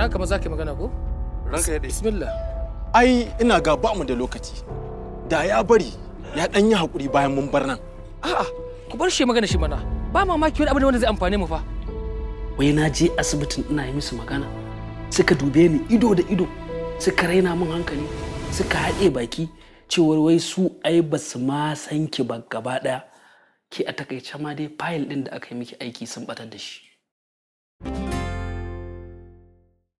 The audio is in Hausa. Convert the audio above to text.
na kama za ka magana ko? Ranka yadda. Bismillah. Ai ina ga ba mu da lokaci. Da ya bari ya dan yi hakuri bayan mun bar nan. A'a, ku bar shi magana shi mana. Ba mamaki wani abu ne wanda zai amfane mu fa. Wai na je asibitin ina yi musu magana. Suka dube ni ido da ido. Suka raina min hankali. Suka haɗe baki cewar wai su ai ba su ma san ki ba gaba ɗaya. Ki a takaice ma dai fayil ɗin da aka yi miki aiki sun batar da shi.